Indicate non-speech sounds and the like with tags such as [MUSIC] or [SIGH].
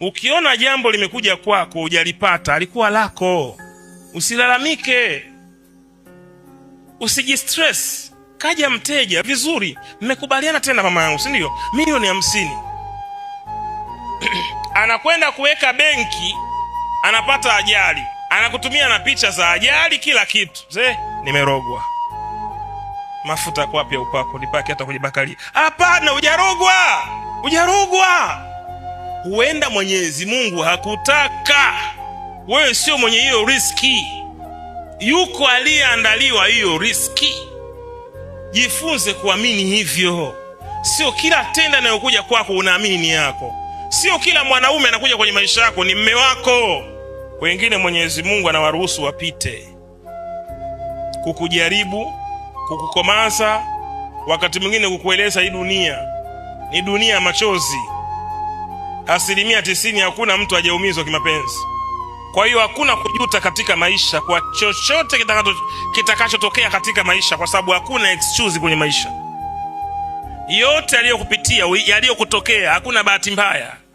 Ukiona jambo limekuja kwako hujalipata, alikuwa lako. Usilalamike, usijistress. Kaja mteja vizuri, mmekubaliana tena, mama yangu, si ndio? milioni hamsini [CLEARS THROAT] anakwenda kuweka benki, anapata ajali, anakutumia na picha za ajali, kila kitu. Ze, nimerogwa mafuta kwapya upako nipake hata kwenye Hapana, hujarogwa, hujarogwa huenda Mwenyezi Mungu hakutaka, wewe sio mwenye hiyo riski, yuko aliyeandaliwa hiyo riski. Jifunze kuamini hivyo. Sio kila tenda inayokuja kwako unaamini ni yako. Sio kila mwanaume anakuja kwenye maisha yako ni mme wako. Wengine Mwenyezi Mungu anawaruhusu wapite kukujaribu, kukukomaza, wakati mwingine kukueleza hii dunia ni dunia ya machozi asilimia tisini hakuna mtu ajaumizwa kimapenzi. Kwa hiyo hakuna kujuta katika maisha kwa chochote kitakachotokea katika maisha, kwa sababu hakuna excuse kwenye maisha. Yote yaliyokupitia yaliyokutokea, hakuna bahati mbaya.